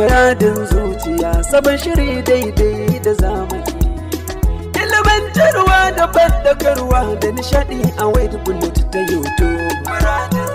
Muradin zuciya sabon shiri daidai da zamani. Ilimantarwa da bandakarwa da nishadi a wayar bullet ta YouTube. Muradin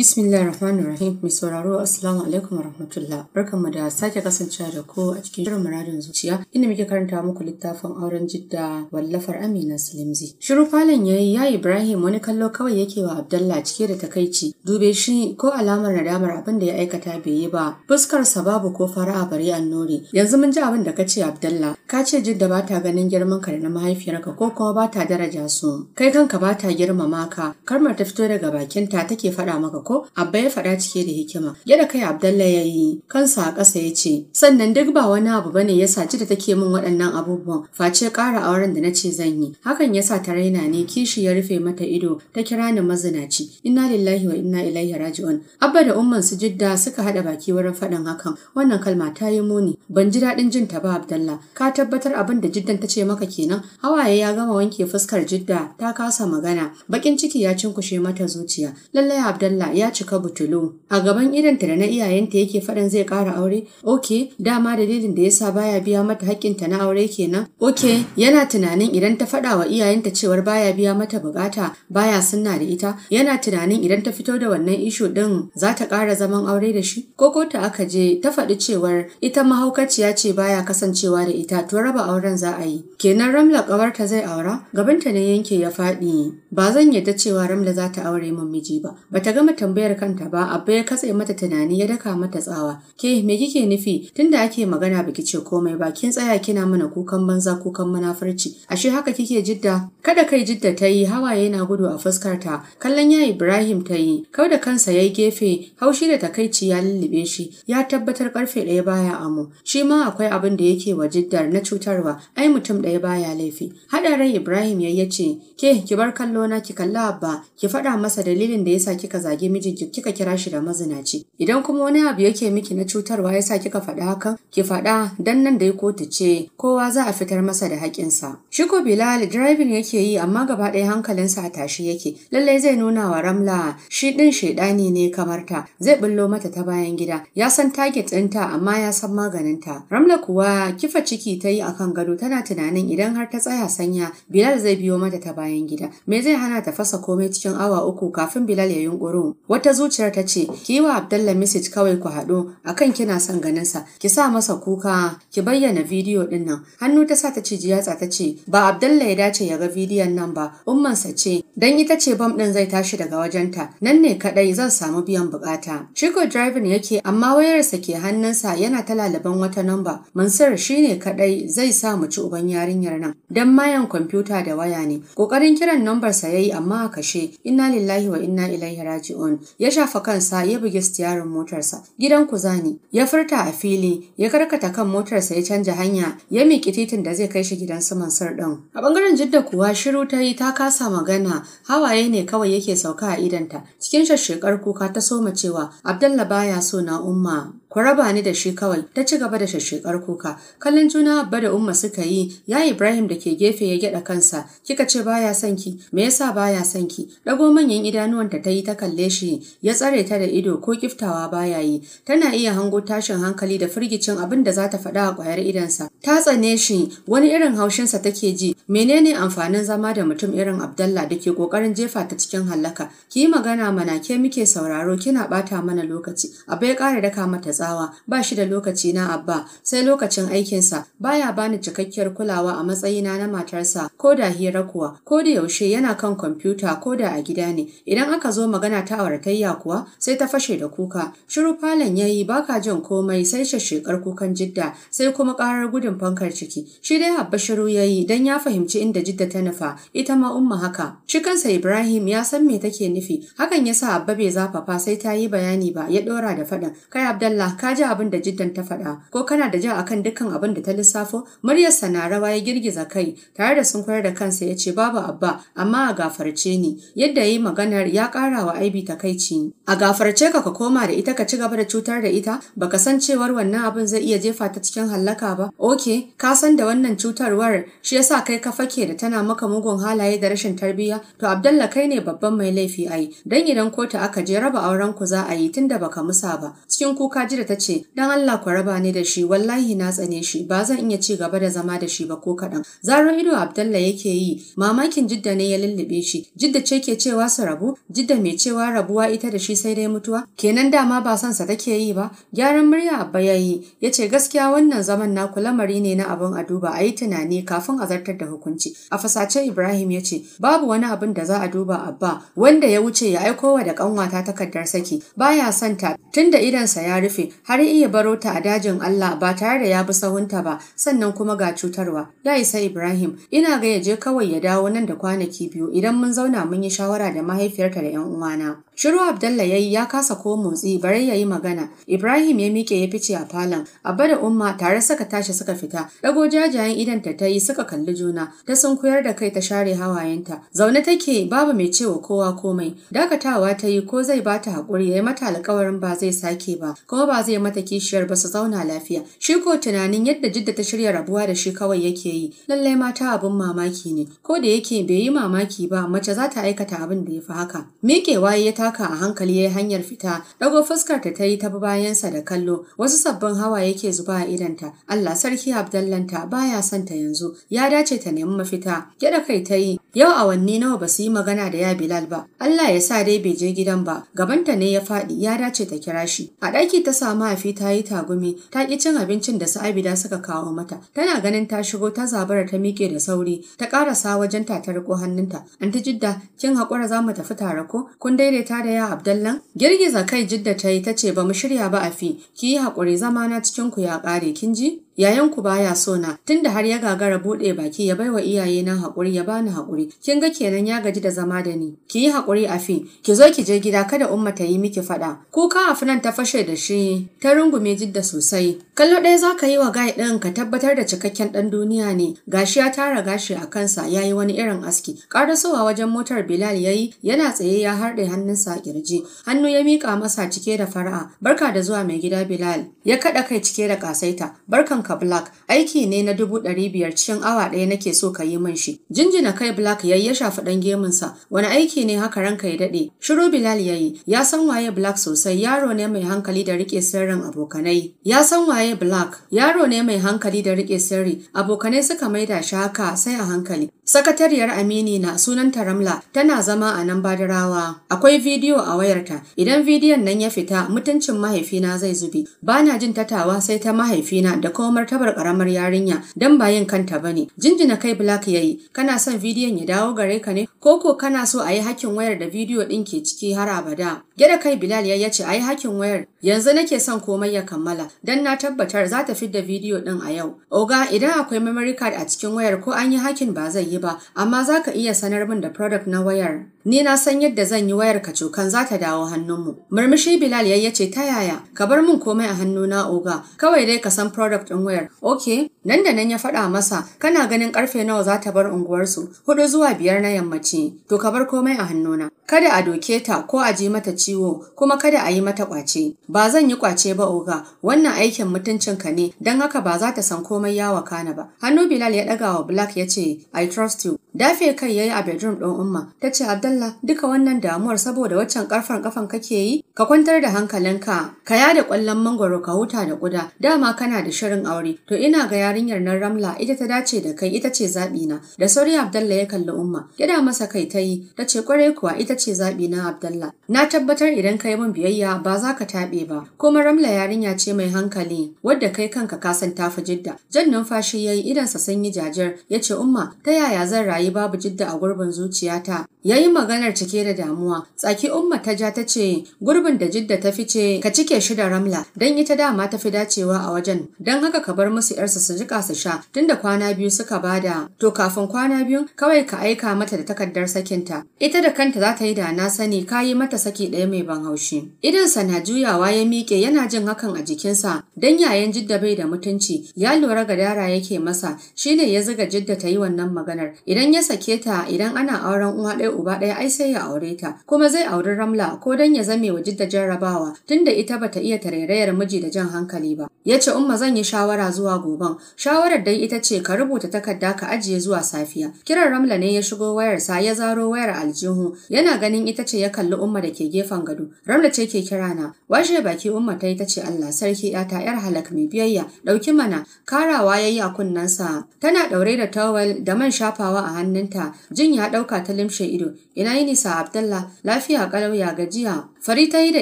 rahim mai sauraro assalamu alaikum warahmatullah barkanmu da sake kasancewa da ku a cikin shirin muradin zuciya inda muke karanta muku littafin auren jidda wallafar Amina silimzi. Shiru falon yayi ya Ibrahim wani kallo kawai yake wa Abdallah cike da takaici dube shi ko alamar nadamar abin da ya aikata bai yi ba fuskar sa babu ko fara'a bari annori yanzu mun ji abin da ka ce Abdallah ka ce jidda ba ta ganin girman ka da na mahaifiyarka ko kuma ba ta daraja su kai kanka ba ta girmama ka karmar ta fito daga bakinta take faɗa maka ko abba ya faɗa cike da hikima yadda kai abdalla ya yi kansa a ƙasa ya ce sannan duk ba wani abu bane ya sa da take min waɗannan abubuwan face ƙara auren da na ce zan yi hakan ya sa ta raina ne kishi ya rufe mata ido ta kira ni mazinaci inna lillahi wa inna ilaihi raji'un abba da umman su jidda suka haɗa baki wurin faɗin hakan wannan kalma ta yi muni ban ji daɗin jin ta ba abdalla ka tabbatar abin da jiddan ta ce maka kenan hawaye ya gama wanke fuskar jidda ta kasa magana bakin ciki ya cinkushe mata zuciya lallai abdalla ya cika butulu. A gaban idonta da na iyayenta yake faɗan zai ƙara aure? Oke, dama dalilin da yasa baya biya mata haƙƙinta na aure kenan? Oke, yana tunanin idan ta faɗa wa iyayenta cewar baya biya mata buƙata, baya sunna da ita, yana tunanin idan ta fito da wannan isho ɗin za ta ƙara zaman aure da shi? Ko Koko ta aka je ta faɗi cewar ita mahaukaciya ce baya kasancewa da ita to raba auren za a yi. Kenan Ramla ƙawarta zai aura? Gabanta ne yanke ya faɗi. Ba zan yarda cewa Ramla za ta aure min miji ba. Bata gama tambayar kanta ba abba ya katse mata tunani ya daka mata tsawa ke me kike nufi tunda ake magana baki ce komai ba kin tsaya kina mana kukan banza kukan munafurci ashe haka kike jidda kada kai jidda ta yi hawaye na gudu a fuskar ta kallon ya Ibrahim ta yi kau da kansa yayi gefe haushi da takaici ya lullube shi ya tabbatar karfe ɗaya baya amu shi ma akwai abin da yake wa jiddar na cutarwa ai mutum ɗaya baya laifi haɗa ran Ibrahim ya ce ke ki bar kallo na ki kalla abba ki faɗa masa dalilin da yasa kika zage mijinki kika kira shi da mazinaci idan kuma wani abu yake miki na cutarwa yasa kika faɗa hakan ki faɗa dan nan da ya kotu ce kowa za a fitar masa da haƙinsa Shiko Bilal driving yake yi amma gaba ɗaya hankalinsa a tashi yake lallai zai nuna wa Ramla shi ɗin shaidani ne kamar ta zai billo mata ta bayan gida ya san target ɗinta amma ya san maganinta Ramla kuwa kifa ciki ta yi akan gado tana tunanin idan har ta tsaya sanya Bilal zai biyo mata ta bayan gida me zai hana ta fasa komai cikin awa uku kafin Bilal ya yunkuru Wata zuciyar ta ce, ki yi wa Abdallah message kawai ku haɗu A kan kina son ganinsa, ki sa masa kuka, ki bayyana bidiyo ɗin nan. Hannu ta sa ta ce jiyatsa ta ce, ba Abdallah ya dace ya ga bidiyon nan ba, ummansa ce, dan ita ce bam ɗin zai tashi daga wajenta, nan ne kaɗai zan samu biyan buƙata. Chico driving yake amma wayarsa ke hannunsa yana ta lalaban wata namba, Mansur ne kaɗai zai sa mu ci uban yarinyar nan. Dan mayan kwamfuta da waya ne, ƙoƙarin kiran nambarsa ya yi amma a kashe, inna lillahi wa inna ilaihi raji'un. ya shafa kansa ya bugi stiyarin motarsa. Gidan Kuzani ya furta a fili ya karkata kan motarsa ya canja hanya ya miƙi titin da zai kai shi gidan su Mansur ɗin. A ɓangaren Jidda kuwa shiru ta yi ta kasa magana hawaye ne kawai yake sauka a idanta cikin shashshekar kuka ta soma cewa Abdallah baya so na umma ku raba ni da shi kawai ta ci gaba da shashshekar kuka kallon juna abba da umma suka yi ya ibrahim da ke gefe ya gyada kansa kika ce baya son ki me yasa baya son ki dago manyan idanuwan ta yi ta kalle shi ya tsare ta da ido ko kiftawa baya yi tana iya hango tashin hankali da firgicin abin da za ta faɗa a ƙwayar idansa ta tsane shi wani irin haushinsa take ji menene amfanin zama da mutum irin abdallah da ke ƙoƙarin jefa ta cikin hallaka ki yi magana mana ke muke sauraro kina ɓata mana lokaci abai ya ƙara daka mata tsawa ba shi da lokaci na abba sai lokacin aikinsa baya bani cikakkiyar kulawa a matsayina na matarsa ko da hira kuwa ko da yaushe yana kan kwamfuta ko da a gida ne idan aka zo magana ta auratayya kuwa sai ta fashe da kuka shiru falon ya yi baka jin komai sai shashekar kukan jidda sai kuma karar gudun fankar ciki shi dai abba shiru ya yi don ya fahimci inda jidda ta nufa ita ma umma haka shi kansa Ibrahim ya san me take nufi hakan ya sa abba bai zafafa sai ta yi bayani ba ya dora da faɗin kai Abdallah ka ji abin da jiddan ta faɗa ko kana da ja akan dukkan abin da ta lissafo muryarsa na rawa ya girgiza kai tare da sun da kansa ya ce babu abba amma a gafarce ne. yadda ya yi maganar ya ƙara wa aibi takaici a gafarce ka ka koma da ita ka ci gaba da cutar da ita baka san cewar wannan abin zai iya jefa ta cikin hallaka ba ok ka san da wannan cutarwar shi yasa kai ka fake da tana maka mugun halaye da rashin tarbiyya to abdalla kai ne babban mai laifi ai dan idan kotu aka je raba auren ku za a yi tunda baka musa ba cikin kuka ji Khadija ta ce, "Dan Allah ku raba ni da shi, wallahi na tsane shi, ba zan iya ci gaba da zama da shi ba ko kaɗan." Zaro ido Abdalla yake yi, mamakin Jidda ne ya lullube shi. Jidda ce ke cewa su rabu, Jidda mai cewa rabuwa ita da shi sai dai mutuwa. Kenan dama ba son sa take yi ba. Gyaran murya Abba ya yi, ya ce gaskiya wannan zaman naku lamari ne na abin a duba, a yi tunani kafin a zartar da hukunci. A fasace Ibrahim ya ce, "Babu wani abin da za a duba Abba, wanda ya wuce ya aiko wa da kanwata takardar saki, baya son ta tunda idansa ya rufe Har har iya baro ta a dajin Allah ba tare da ya bi sahunta ba sannan kuma ga cutarwa ya isa Ibrahim ina ga ya je kawai ya dawo nan da kwanaki biyu idan mun zauna mun yi shawara da mahaifiyarta da 'yan uwana. Shiru Abdalla yayi ya kasa ko motsi bare yi magana. Ibrahim ya mike ya fice a falon. Abba da Umma tare suka tashi suka fita. Dago jajayen idan ta tayi suka kalli juna. Ta sun koyar da kai ta share hawayenta. Zaune take babu mai cewa kowa komai. Dakatawa ta yi ko zai ba bata hakuri yayi mata alƙawarin ba zai sake ba. Kuma ba zai mata kishiyar ba su zauna lafiya. Shi ko tunanin yadda Jidda ta shirya rabuwa da shi kawai yake yi. Lallai mata abin mamaki ne. Ko da yake bai yi mamaki ba mace za ta aikata abin da ya fi haka. Miƙewa ya ta haka a hankali ya yi hanyar fita ɗago fuskar ta ta yi ta bayansa da kallo wasu sabbin hawa yake zuba a idanta Allah sarki Abdallanta baya son ta yanzu ya dace ta nemi mafita gyaɗa kai ta yi yau awanni nawa ba su yi magana da ya Bilal ba Allah ya sa dai bai je gidan ba gabanta ne ya faɗi ya dace ta kira shi a ɗaki ta samu a ta yi tagumi ta ƙi cin abincin da su Abida suka kawo mata tana ganin ta shigo ta zabara ta miƙe da sauri ta ƙarasa wajen ta ta riƙo hannunta anti jidda kin haƙura za mu tafi tare ko kun daidaita ta da ya Abdallan? Girgiza kai Jidda ta yi ta ce ba mu shirya ba a fi, ki yi haƙuri zama na cikin ku ya ƙare kin ji? yayanku baya so na tunda har ya gagara bude baki ya baiwa iyaye nan hakuri ya bani hakuri kin ga kenan ya gaji da zama da ni ki yi haƙuri fi. ki zo ki je gida kada umma ta yi miki faɗa kuka a afinan ta fashe da shi ta rungume jidda sosai kallo ɗaya za ka yi wa gai ɗin ka tabbatar da cikakken ɗan duniya ne gashi ya tara gashi a kansa ya yi wani irin aski ƙarasowa wajen motar bilal ya yi yana tsaye ya harɗe hannunsa a ƙirji hannu ya miƙa masa cike da fara'a barka da zuwa mai gida bilal ya kaɗa kai cike da ƙasaita barkan ka Black, aiki ne na dubu ɗari biyar cikin awa ɗaya nake so ka yi min shi. Jinjina kai Black yayi ya shafi ɗan gemunsa, wani aiki ne haka ranka ya daɗe. Shiru Bilal yayi, ya san waye Black sosai, yaro ne mai hankali da riƙe sirrin abokanai. Ya san waye Black, yaro ne mai hankali da riƙe sirri, abokanai suka maida shi haka sai a hankali. Sakatariyar Amini na sunanta Ramla tana zama a nan Badarawa. Akwai bidiyo a wayarta. Idan bidiyon nan ya fita mutuncin mahaifina zai zube. Bana jin tatawa sai ta mahaifina da kuma martabar karamar yarinya Don ba yin kanta ba ne. Jinjina kai Black ya yi. Kana son bidiyon ya dawo gare ka ne ko ko kana so a yi hakin wayar da bidiyo ɗin ke ciki har abada. Gyada kai Bilal ya ce a yi hakin wayar. Yanzu nake son komai ya kammala Don na tabbatar za ta fidda bidiyo ɗin a yau. Oga idan akwai memory card a cikin wayar ko an yi hakin ba zai yi ba, amma za ka iya sanar min da product na wayar. Ni na san yadda zan yi wayar ka cokan za ta dawo hannunmu. Murmushi Bilal ya ce ta yaya, ka bar min komai a hannuna oga, kawai dai ka san product ɗin wayar. Ok, nan da nan ya faɗa masa, kana ganin ƙarfe nawa za ta bar unguwarsu, hudu zuwa biyar na yammaci, to ka bar komai a hannuna. Kada a doke ta ko a ji mata ciwo, kuma kada a yi mata ƙwace. Ba zan yi ƙwace ba oga, wannan aikin mutuncinka ne, don haka ba za ta san komai ya kana ba. Hannu Bilal ya ɗaga wa Black ya ce, I trust you. Dafe kai yayi a bedroom ɗin Umma. Ta ce Abdalla duka wannan damuwar saboda waccan karfan kafan kake yi ka kwantar da hankalinka ka ya da kwallon mangwaro ka huta da kuda dama kana da shirin aure to ina ga yarinyar nan Ramla ita ta dace da kai ita ce zabi na. Da sauri Abdalla ya kalli Umma. Gida masa kai ta yi ta ce kwarai kuwa ita ce zabi na Abdalla. Na tabbatar idan kai min biyayya ba za ka taɓe ba. Kuma Ramla yarinya ce mai hankali wadda kai kanka ka san tafi jidda. Jan numfashi yayi idansa sun yi jajar ya ce Umma ta yaya yaya zan rayu babu jidda a gurbin zuciyata ya yi maganar cike da damuwa tsaki umma ta ja ta ce gurbin da jidda ta fi ce ka cike shi da ramla don ita dama ta fi dacewa a wajen don haka ka bar musu yarsa su jika su sha tunda kwana biyu suka bada to kafin kwana biyu kawai ka aika mata da takardar sakinta ita da kanta za ta yi da na sani ka yi mata saki ɗaya mai ban haushi idansa na juyawa ya miƙe yana jin hakan a jikinsa don yayan jidda bai da mutunci ya lura gadara yake masa shine ya ziga jidda ta yi wannan magana maganar idan ya sake ta idan ana auren uwa ɗaya uba ɗaya ai sai ya aure ta kuma zai auri ramla ko dan ya zame wa jidda jarrabawa tunda ita bata iya tarairayar miji da jan hankali ba ya ce umma zan yi shawara zuwa goben shawarar dai ita ce ka rubuta takarda ka ajiye zuwa safiya kiran ramla ne ya shigo wayar sa ya zaro wayar aljihu yana ganin ita ce ya kalli umma da ke gefen gado ramla ce ke kira na washe baki umma ta ita ce Allah sarki ta yar halak mai biyayya dauki mana karawa yayi a sa? tana daure da tawel da man shafa shafawa a hannunta jin ya ɗauka ta limshe ido ina yi nisa abdallah lafiya ƙalau ya gajiya Fari ta yi da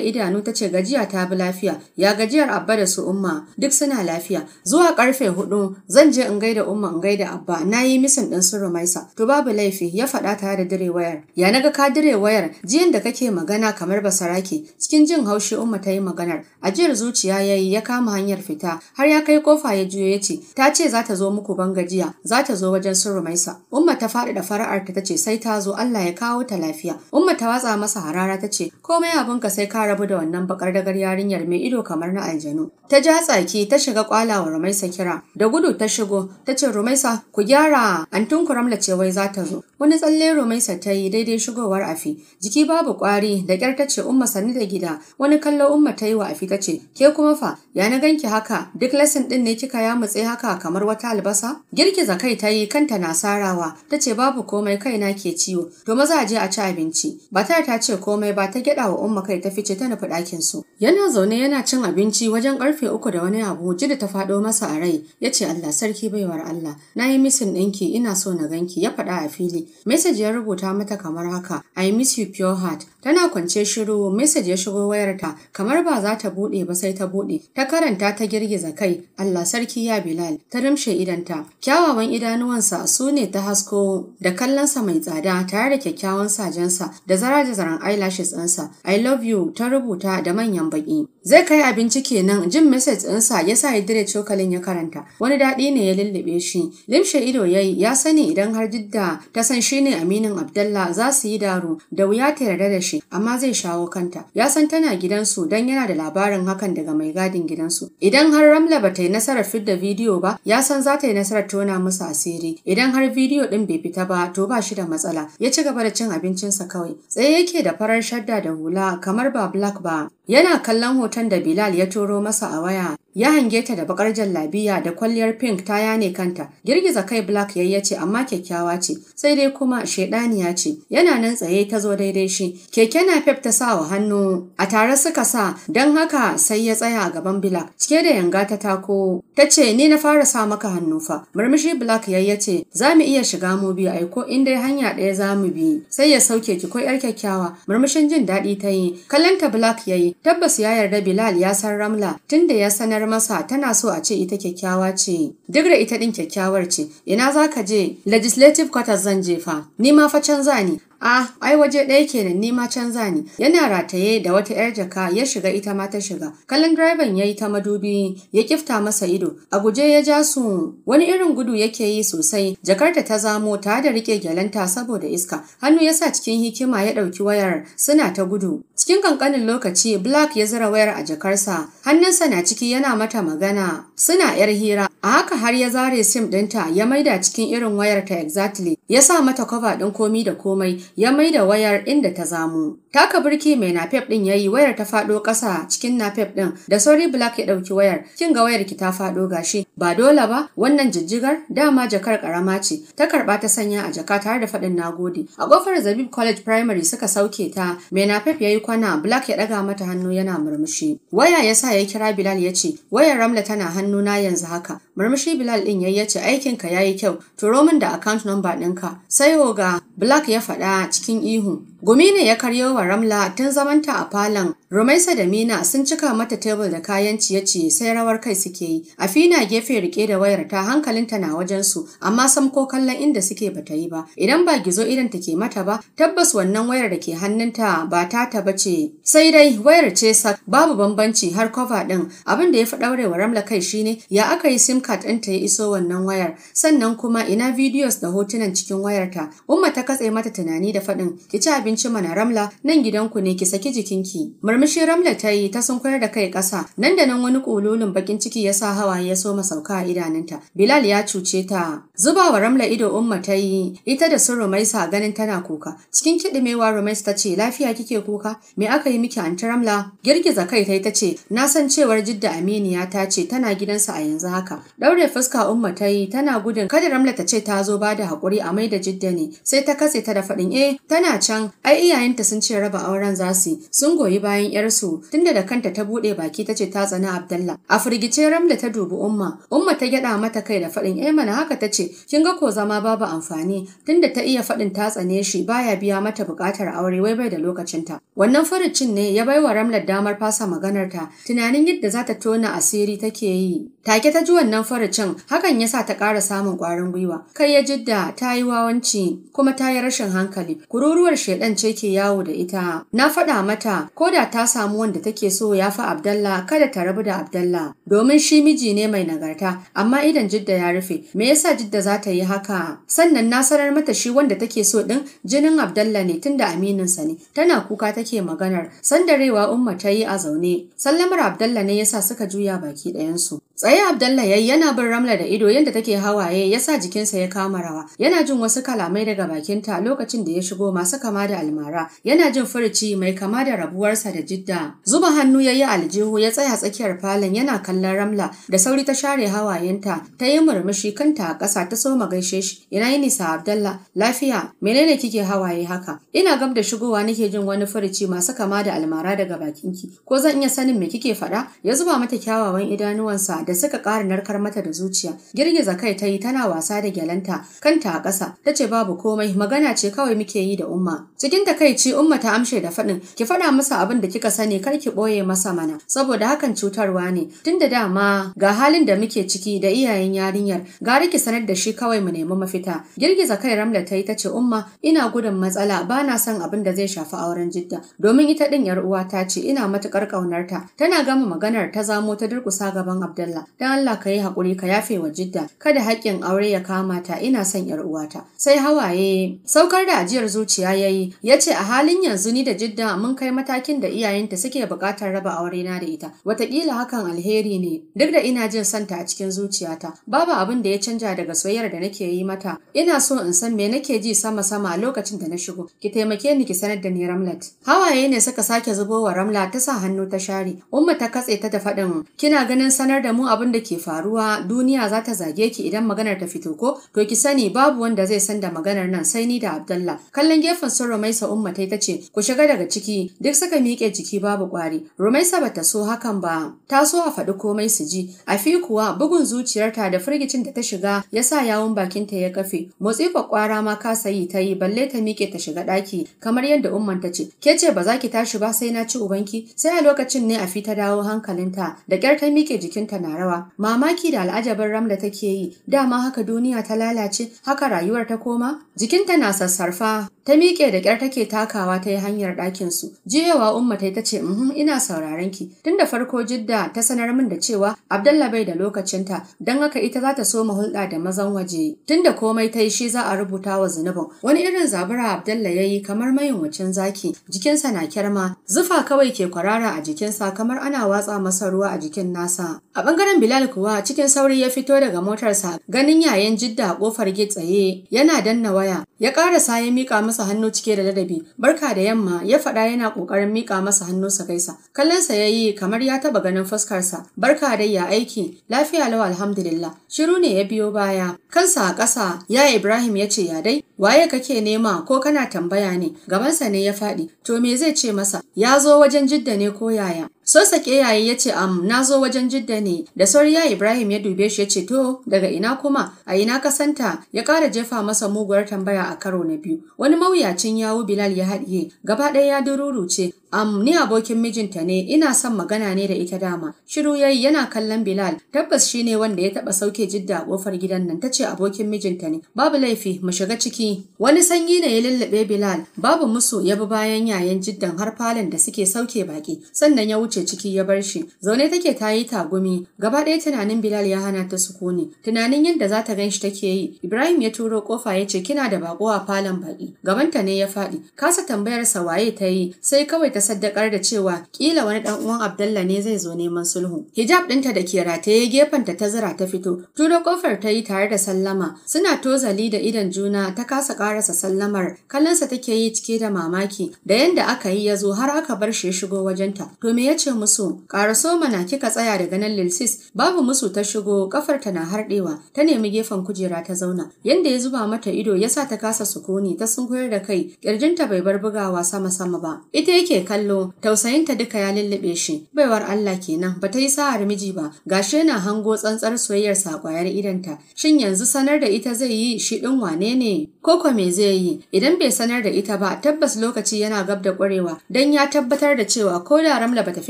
idanu ta ce gajiya ta bi lafiya, ya gajiyar Abba da su Umma duk suna lafiya. Zuwa karfe hudu zan je in gaida Umma in gaida Abba na yi misin ɗin surumaisa. maisa. To babu laifi ya faɗa tare da dire wayar. Ya naga ka dire wayar jiyan da kake magana kamar ba sarake cikin jin haushi Umma ta yi maganar. Ajiyar zuciya ya yi ya kama hanyar fita har ya kai kofa ya juyo ya ce ta ce za ta zo muku ban gajiya za ta zo wajen surumaisa. maisa. Umma ta faɗi da fara'arta ta ce sai ta zo Allah ya kawo ta lafiya. Umma ta watsa masa harara ta ce komai abin ka sai ka rabu da wannan bakar dagar yarinyar mai ido kamar na aljanu. Ta ja tsaki ta shiga kwalawa Rumaisa kira. Da gudu ta shigo ta ce Rumaisa ku gyara antin kuramla ce wai za ta zo. Wani tsalle Rumaisa ta yi daidai shigowar Afi. Jiki babu kwari da kyar ta ce Umma sani da gida. Wani kallo Umma ta yi wa Afi ta ce ke kuma fa ya na ganki haka duk lesson din ne kika ya mutse haka kamar wata albasa. Girgiza kai ta yi kanta na sarawa ta ce babu komai kaina ke ciwo. To maza a je a ci abinci. bata ta ce komai ba ta gyada wa Umma Abubakar ta fice ta nufi su. Yana zaune yana cin abinci wajen ƙarfe uku da wani abu jida ta faɗo masa a rai ya ce Allah sarki baiwar Allah na yi misin ɗinki ina so na ganki ya faɗa a fili. Mesej ya rubuta mata kamar haka I miss you pure heart tana kwance shiru mesej ya shigo wayarta kamar ba za ta buɗe ba sai ta buɗe ta karanta ta girgiza kai Allah sarki ya Bilal ta rumshe idanta kyawawan idanuwansa su ne ta hasko da kallonsa mai tsada tare da kyakkyawan sajensa da zara da zaran eyelashes ɗinsa I love you ta rubuta da manyan baƙi. Zai kai abinci kenan jin message ɗinsa ya sa ya dire cokalin ya karanta. Wani daɗi ne ya lullube shi. Limshe ido ya yi ya sani idan har jidda ta san shi ne aminin Abdallah za su yi daro da wuya ta yarda da shi amma zai shawo kanta. Ya san tana gidansu don yana da labarin hakan daga mai gadin gidansu. Idan har Ramla ba ta yi nasarar fidda bidiyo ba ya san za ta yi nasarar tona musu asiri. Idan har bidiyo ɗin bai fita ba to ba shi da matsala. Ya ci gaba da cin abincinsa kawai. Tsaye yake da farar shadda da hula kamar ba black ba Yana kallon hoton da Bilal ya toro masa a waya, ya hange ta da bakar jallabiya da kwalliyar pink ta yane kanta. Girgiza kai Black yayi ce amma kyakkyawa ce, sai dai kuma shedaniya ce. Yana nan tsaye ta zo daidai shi. Keke na pep ta sawa hannu, a tare suka sa, don haka sai ya tsaya gaban Black. Cike da yanga ta tako, ta ce ni na fara sa maka hannu fa. Murmushi Black yayi ce za mu iya shiga mu biyu ai ko in dai hanya ɗaya za mu bi. Sai ya sauke ki ko 'yar kyakkyawa. Murmushin jin daɗi ta yi, kallon Black yayi Tabbas ya yarda Bilal ya san Ramla tunda ya sanar masa tana so a ce ita kyakkyawa ce. Duk da ita din kyakkyawar ce, ina za ka je legislative quarters zan je fa. Ni ma fa canza ni. A, ai waje ɗaya kenan ni ma canza Yana rataye da wata 'yar jaka ya shiga ita ma ta shiga. Kallon direban ya yi ta madubi ya kifta masa ido. A guje ya ja su wani irin gudu yake yi sosai. Jakarta ta zamo ta da rike gyalanta saboda iska. Hannu ya sa cikin hikima ya ɗauki wayar suna ta gudu. Cikin kankanin lokaci Black ya zira wayar a jakarsa. Hannunsa na ciki yana mata magana. Suna 'yar hira. A haka har ya zare sim ɗinta ya maida cikin irin wayar ta exactly. Ya sa mata kwaba ɗin komi da komai ya maida wayar inda ta zamu. Taka birki mai nafef din ya yi wayar ta fado kasa cikin napep din. da sauri Black ya dauki wayar. Kin ga wayar ki ta fado gashi ba dole ba wannan jijjigar dama jakar karama ce ta karba ta sanya a jaka tare da fadin nagode. A kofar Zabib College Primary suka sauke ta mai nafef ya yi kwana Black ya daga mata hannu yana murmushi. Waya yasa sa ya kira Bilal ya ce wayar Ramla tana hannu na yanzu haka Murmushi Bilal ɗin yayi yace ka yayi kyau, turo min da account number ɗinka. Sai oga Black ya faɗa cikin ihu. Gumi ne ya karyo wa Ramla tun zamanta a falon. Rumaisa da Mina sun cika mata tebur da kayan ciye-ciye sai rawar kai suke yi. Afina gefe rike da wayar ta hankalinta na wajen su, amma sam ko kallon inda suke bata yi ba. Idan ba gizo idan take mata ba, tabbas wannan wayar da ke hannunta ba ta ta ce. Sai dai wayar ce sak babu bambanci har cover din. Abin da ya fi wa Ramla kai shine ya aka yi SIM card ta ya iso wannan wayar. Sannan kuma ina videos da hotunan cikin wayarta. Umma ta katse mata tunani da faɗin, ki ci abinci mana Ramla nan gidanku ne ki saki jikinki. Murmushi Ramla ta yi ta sunkar da kai ƙasa nan da nan wani ƙololin bakin ciki ya sa hawaye ya soma sauka a idanunta. Bilal ya cuce ta. Zuba Ramla ido Umma ta yi ita da sun Rumaisa ganin tana kuka. Cikin kiɗimewa Rumaisa ta ce lafiya kike kuka me aka yi miki anti Ramla? Girgiza kai ta ta ce na san cewar Jidda Aminiya ta ce tana gidansa a yanzu haka. Daure fuska Umma ta yi tana gudun kada Ramla ta ce ta zo ba da haƙuri a mai da Jidda ne sai ta katse ta da faɗin eh tana can ai iyayenta sun ce raba auren za su sun goyi bayan yarsu tunda da kanta ta buɗe baki ta ce ta tsana abdullah a firgice ramla ta dubi umma umma ta gyaɗa mata kai da fadin, eh mana haka ta ce kin ga ko zama babu amfani tunda ta iya fadin ta tsane shi baya biya mata bukatar aure wai bai da lokacinta wannan faricin ne ya baiwa Ramla damar fasa maganar ta tunanin yadda za ta tona asiri take yi take ta ji wannan faricin hakan ya sa ta ƙara samun ƙwarin gwiwa kai ya jidda ta yi wawanci kuma ta yi rashin hankali kururuwar shaidan. waɗance ke yawo da ita. Na faɗa mata ko da ta samu wanda take so ya fi Abdallah kada ta rabu da Abdallah domin shi miji ne mai nagarta amma idan Jidda ya rufe me yasa Jidda za ta yi haka? Sannan na sanar mata shi wanda take so din jinin Abdallah ne tunda amininsa ne tana kuka take maganar sandarewa Umma ta yi a zaune. Sallamar Abdallah ne yasa suka juya baki ɗayansu. Tsaye Abdallah yayi yana bin Ramla da ido yadda take hawaye yasa jikinsa ya kama rawa yana jin wasu kalamai daga bakinta lokacin da ya shigo masu kama da almara yana jin furuci mai kama da rabuwarsa da jidda zuba hannu ya yi aljihu ya tsaya tsakiyar falon yana kallon ramla da sauri ta share hawayenta ta yi murmushi kanta a ƙasa ta soma gaishe shi ina yi nisa abdallah lafiya menene kike hawaye haka ina gab da shigowa nake jin wani furuci masu kama da almara daga bakinki ko zan iya sanin me kike faɗa ya zuba mata kyawawan idanuwansa da suka ƙara narkar mata da zuciya girgiza kai ta yi tana wasa da gyalanta kanta a ƙasa ta ce babu komai magana ce kawai muke yi da umma Cikin takaici Umma ta amshe da faɗin, ki faɗa masa abin da kika sani kar ki ɓoye masa mana, saboda hakan cutarwa ne. Tunda dama ga halin da muke ciki da iyayen yarinyar, gari ki sanar da shi kawai mu nemi mafita. Girgiza kai Ramla ta yi ta ce Umma ina gudun matsala ba na son abin da zai shafi auren Jidda, domin ita ɗin yar uwa ta ce ina matuƙar ƙaunarta. Tana gama maganar ta zamo ta durkusa gaban Abdullah. Dan Allah ka yi hakuri ka yafe wa Jidda, kada haƙƙin aure ya kama ta ina son yar uwata. Sai hawaye saukar da ajiyar zuciya yayi ya ce a halin yanzu ni da Jidda mun kai matakin da iyayenta suke buƙatar raba aure na da ita. Wataƙila hakan alheri ne duk da ina jin santa a cikin zuciyata. Babu abin da ya canja daga soyayyar da nake yi mata. Ina so in san me nake ji sama-sama a lokacin da na shigo. Ki taimake ni ki sanar da ni Ramlat. Hawaye ne suka sake zubo wa Ramla ta sa hannu ta share. Umma ta katse ta da faɗin kina ganin sanar da mu abin da ke faruwa duniya za ta zage ki idan maganar ta fito ko to ki sani babu wanda zai san da maganar nan sai ni da Abdullah. Kallon gefen sun Rumaisa Umma ta ce ku shiga daga ciki duk saka miƙe jiki babu ƙwari. Rumaisa ba ta so hakan ba. Ta so a faɗi komai su ji. Afi kuwa bugun zuciyarta da firgicin da ta shiga ya sa yawun bakinta ya kafe. Motsi kwakwara ma kasa yi ta yi balle ta miƙe ta shiga ɗaki kamar yadda Umman ta ce ke ce ba za ki tashi ba sai na ci ubanki sai a lokacin ne fi ta dawo hankalinta da ƙyar ta miƙe jikinta na rawa. Mamaki da al'ajabin da take yi dama haka duniya ta lalace haka rayuwar ta koma jikinta na sassarfa Ta miƙe da ƙyar take takawa ta yi hanyar ɗakin su. Jiyewa Umma ta ta ce, uhm, ina sauraron ki." Tun da farko Jidda ta sanar min da cewa Abdalla bai da lokacinta, don haka ita za ta so mu hulɗa da mazan waje. Tun da komai ta yi shi za a rubuta wa zunubin. Wani irin zabura Abdalla ya yi kamar mayin zaki, jikinsa na kyarma, zufa kawai ke kwarara a jikinsa kamar ana watsa masa ruwa a jikin nasa. A ɓangaren Bilal kuwa cikin sauri ya fito daga motarsa ganin 'ya'yan Jidda a ƙofar gitsaye tsaye yana danna waya. Ya ƙarasa ya miƙa masa masa hannu cike da ladabi. Barka da yamma ya faɗa yana ƙoƙarin miƙa masa hannu sa gaisa. kallon ya yi kamar ya taɓa ganin fuskarsa. Barka dai ya aiki. Lafiya lau alhamdulillah. Shiru ne ya biyo baya. Kansa a ƙasa ya Ibrahim ya ce ya dai. Waye kake nema ko kana tambaya ne? Gabansa ne ya faɗi. To me zai ce masa? Ya zo wajen jidda ne ko yaya? sosake sake yaye ya ce am na zo wajen jidda ne da sauri ya Ibrahim ya dube shi ya ce to daga ina kuma a ina kasanta ya kara jefa masa muguwar tambaya a karo na biyu wani mawuyacin yawo Bilal ya haɗiye gaba ɗaya ya dururuce Am ni abokin mijinta ne ina son magana ne da ita dama. Shiru yayi yana kallon Bilal tabbas shi ne wanda ya taba sauke jidda a kofar gidan nan tace abokin mijinta ne. Babu laifi mu shiga ciki. Wani sanyi ne ya lullube Bilal babu musu ya bi bayan yayan jiddan har falon da suke sauke baki sannan ya wuce ciki ya bar shi. Zaune take ta yi tagumi gaba ɗaya tunanin Bilal ya hana ta sukuni. Tunanin yadda za ta gan shi take yi. Ibrahim ya turo kofa ya ce kina da bako a falon baki. Gabanta ne ya faɗi kasa tambayar sa waye ta yi sai kawai ta saddakar da cewa kila wani dan uwan Abdallah ne zai zo neman sulhu. Hijab ɗinta da ke rataye gefen ta zira ta fito. Turo kofar ta yi tare da sallama. Suna tozali da idan juna ta kasa karasa sallamar. Kallansa take yi cike da mamaki da yanda aka yi ya zo har aka bar shi ya shigo wajenta. To me ya ce musu? Karaso mana kika tsaya daga nan Lilsis. Babu musu ta shigo kafar ta na harɗewa. Ta nemi gefen kujera ta zauna. Yanda ya zuba mata ido ya sa ta kasa sukuni ta sunkuyar da kai. Kirjinta bai bar bugawa sama-sama ba. Ita yake kallo tausayinta duka ya lullube shi baiwar Allah kenan ba ta yi sa'ar miji ba gashi yana hango tsantsar soyayyar sa kwayar idanta shin yanzu sanar da ita zai yi shi din wane ne koko me zai yi idan bai sanar da ita ba tabbas lokaci yana gab da kwarewa dan ya tabbatar da cewa ko da Ramla bata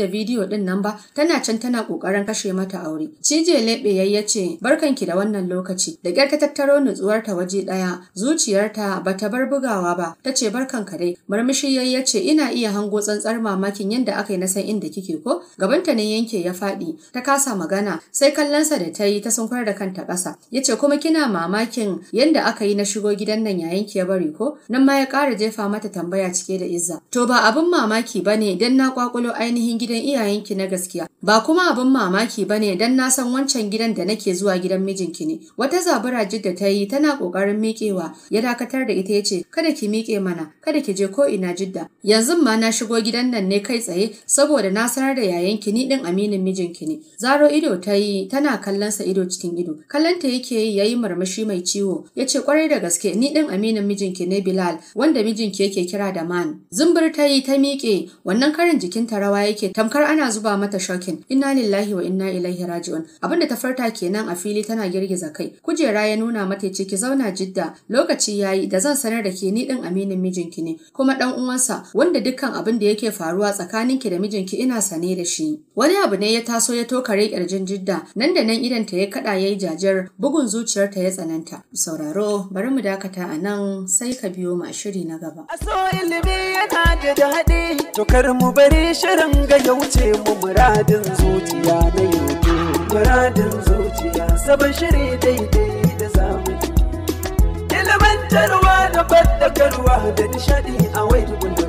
da bidiyo din nan ba tana can tana kokarin kashe mata aure cije lebe yayyace ce barkanki da wannan lokaci da kyar ta tattaro nutsuwarta waje daya zuciyarta bata bar bugawa ba tace barkanka dai murmushi yayyace ina iya hango hango tsantsar mamakin yadda aka yi na san inda kike ko gabanta ne yanke ya faɗi ta kasa magana sai kallonsa da ta yi ta sunkar da kanta ƙasa ya ce kuma kina mamakin yadda aka yi na shigo gidan nan yayin ki ya bari ko nan ma ya ƙara jefa mata tambaya cike da izza to ba abin mamaki ba ne don na kwakulo ainihin gidan iyayenki na gaskiya ba kuma abin mamaki ba ne don na san wancan gidan da nake zuwa gidan mijinki ne wata zabura jidda ta yi tana ƙoƙarin miƙewa ya dakatar da ita ya ce kada ki miƙe mana kada ki je ko ina jidda yanzu ma na shigo shigo gidan nan ne kai tsaye saboda na sanar da yayanki ni din aminin mijinki ne. Zaro ido ta yi tana kallon sa ido cikin ido. Kallon ta yake yi yayi murmushi mai ciwo. yace ce kwarai da gaske ni din aminin mijinki ne Bilal wanda mijinki yake kira da man. Zumbur ta yi ta miƙe wannan karin jikin ta rawa yake tamkar ana zuba mata shokin. Inna lillahi wa inna ilaihi raji'un. Abinda ta farta kenan a fili tana girgiza kai. Kujera ya nuna mata ce ki zauna jidda lokaci yayi da zan sanar da ke ni din aminin mijinki ne kuma dan uwansa wanda dukkan abin abin da yake faruwa tsakanin ki da mijinki ina sane da shi. Wani abu ne ya taso ya tokare kirjin jidda nan da nan idan ta ya kada ya yi jajar bugun zuciyar ta ya tsananta. Sauraro bari mu dakata a nan sai ka biyo ma shiri na gaba. Aso ilimi yana da daɗi to kar mu bari shirin ga ya wuce mu muradin zuciya na yanzu. Muradin zuciya sabon shiri daidai da zamani. Ilimantarwa da fadakarwa da nishadi a wai tukunan.